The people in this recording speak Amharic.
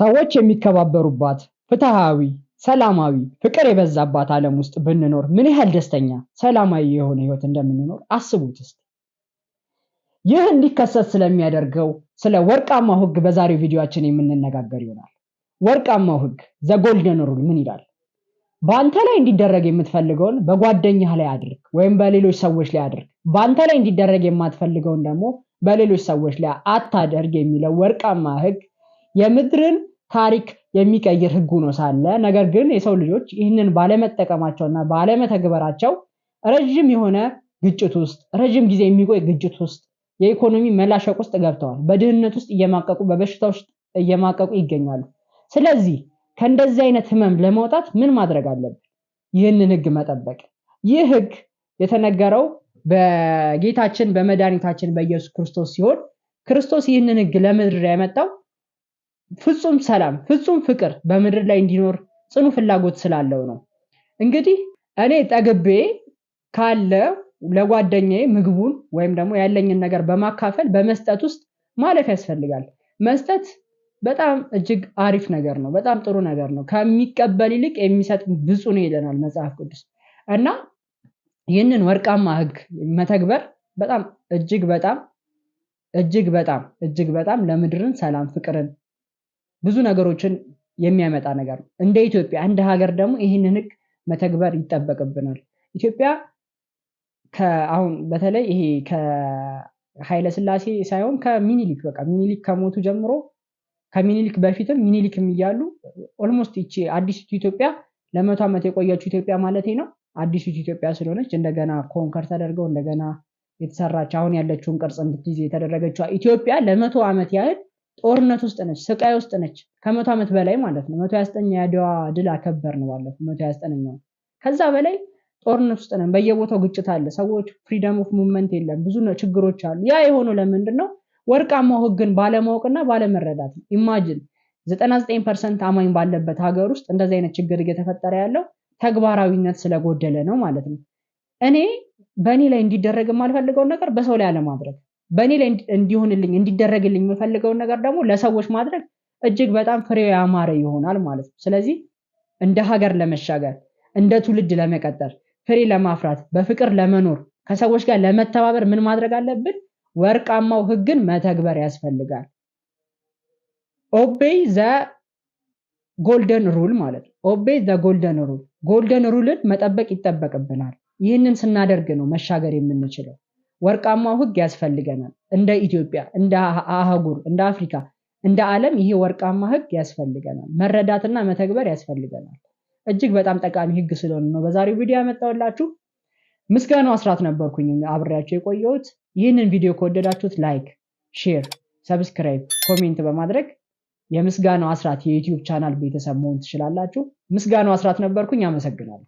ሰዎች የሚከባበሩባት ፍትሃዊ፣ ሰላማዊ፣ ፍቅር የበዛባት ዓለም ውስጥ ብንኖር ምን ያህል ደስተኛ ሰላማዊ የሆነ ህይወት እንደምንኖር አስቡት እስኪ። ይህ እንዲከሰት ስለሚያደርገው ስለ ወርቃማው ህግ በዛሬው ቪዲዮችን የምንነጋገር ይሆናል። ወርቃማው ህግ ዘጎልደን ሩል ምን ይላል? በአንተ ላይ እንዲደረግ የምትፈልገውን በጓደኛህ ላይ አድርግ ወይም በሌሎች ሰዎች ላይ አድርግ፣ በአንተ ላይ እንዲደረግ የማትፈልገውን ደግሞ በሌሎች ሰዎች ላይ አታደርግ የሚለው ወርቃማ ህግ የምድርን ታሪክ የሚቀይር ህግ ሆኖ ሳለ ነገር ግን የሰው ልጆች ይህንን ባለመጠቀማቸውእና ባለመተግበራቸው ረዥም የሆነ ግጭት ውስጥ ረዥም ጊዜ የሚቆይ ግጭት ውስጥ የኢኮኖሚ መላሸቅ ውስጥ ገብተዋል። በድህነት ውስጥ እየማቀቁ ውስጥ እየማቀቁ ይገኛሉ። ስለዚህ ከእንደዚህ አይነት ህመም ለመውጣት ምን ማድረግ አለብን? ይህንን ህግ መጠበቅ። ይህ ህግ የተነገረው በጌታችን በመድኃኒታችን በኢየሱስ ክርስቶስ ሲሆን ክርስቶስ ይህንን ህግ ለምድር ያመጣው ፍጹም ሰላም፣ ፍጹም ፍቅር በምድር ላይ እንዲኖር ጽኑ ፍላጎት ስላለው ነው። እንግዲህ እኔ ጠግቤ ካለ ለጓደኛዬ ምግቡን ወይም ደግሞ ያለኝን ነገር በማካፈል በመስጠት ውስጥ ማለፍ ያስፈልጋል። መስጠት በጣም እጅግ አሪፍ ነገር ነው። በጣም ጥሩ ነገር ነው። ከሚቀበል ይልቅ የሚሰጥ ብፁ ነው ይለናል መጽሐፍ ቅዱስ እና ይህንን ወርቃማ ህግ መተግበር በጣም እጅግ በጣም እጅግ በጣም እጅግ በጣም ለምድርን ሰላም፣ ፍቅርን ብዙ ነገሮችን የሚያመጣ ነገር ነው። እንደ ኢትዮጵያ እንደ ሀገር ደግሞ ይህንን ህግ መተግበር ይጠበቅብናል። ኢትዮጵያ አሁን በተለይ ይሄ ከኃይለ ስላሴ ሳይሆን ከሚኒሊክ በቃ ሚኒሊክ ከሞቱ ጀምሮ ከሚኒሊክ በፊትም ሚኒሊክ እያሉ ኦልሞስት ይቺ አዲሲቱ ኢትዮጵያ ለመቶ ዓመት የቆየችው ኢትዮጵያ ማለት ነው አዲሲቱ ኢትዮጵያ ስለሆነች እንደገና ኮንከር ተደርገው እንደገና የተሰራች አሁን ያለችውን ቅርጽ እንድትይዝ የተደረገችው ኢትዮጵያ ለመቶ ዓመት ያህል ጦርነት ውስጥ ነች፣ ስቃይ ውስጥ ነች። ከመቶ ዓመት በላይ ማለት ነው። መቶ ያስጠኛ የአድዋ ድል አከበር ነው ባለፈው መቶ ያስጠነኛው ከዛ በላይ ጦርነት ውስጥ ነን። በየቦታው ግጭት አለ። ሰዎች ፍሪደም ኦፍ ሙቭመንት የለም። ብዙ ችግሮች አሉ። ያ የሆነው ለምንድን ነው? ወርቃማው ህግን ባለማወቅና ባለመረዳት ነው። ኢማጅን ዘጠና ዘጠኝ ፐርሰንት አማኝ ባለበት ሀገር ውስጥ እንደዚህ አይነት ችግር እየተፈጠረ ያለው ተግባራዊነት ስለጎደለ ነው ማለት ነው። እኔ በእኔ ላይ እንዲደረግ የማልፈልገውን ነገር በሰው ላይ አለማድረግ በእኔ ላይ እንዲሆንልኝ እንዲደረግልኝ የምፈልገውን ነገር ደግሞ ለሰዎች ማድረግ እጅግ በጣም ፍሬው ያማረ ይሆናል ማለት ነው። ስለዚህ እንደ ሀገር ለመሻገር እንደ ትውልድ ለመቀጠር ፍሬ ለማፍራት በፍቅር ለመኖር ከሰዎች ጋር ለመተባበር ምን ማድረግ አለብን? ወርቃማው ህግን መተግበር ያስፈልጋል። ኦቤይ ዘ ጎልደን ሩል ማለት ነው። ኦቤይ ዘ ጎልደን ሩል ጎልደን ሩልን መጠበቅ ይጠበቅብናል። ይህንን ስናደርግ ነው መሻገር የምንችለው። ወርቃማው ህግ ያስፈልገናል። እንደ ኢትዮጵያ፣ እንደ አህጉር፣ እንደ አፍሪካ፣ እንደ ዓለም ይሄ ወርቃማ ህግ ያስፈልገናል። መረዳትና መተግበር ያስፈልገናል። እጅግ በጣም ጠቃሚ ህግ ስለሆነ ነው በዛሬው ቪዲዮ ያመጣውላችሁ ምስጋናው አስራት ነበርኩኝ አብሬያቸው የቆየሁት። ይህንን ቪዲዮ ከወደዳችሁት ላይክ፣ ሼር፣ ሰብስክራይብ፣ ኮሜንት በማድረግ የምስጋናው አስራት የዩትዩብ ቻናል ቤተሰብ መሆን ትችላላችሁ። ምስጋናው አስራት ነበርኩኝ። አመሰግናለሁ።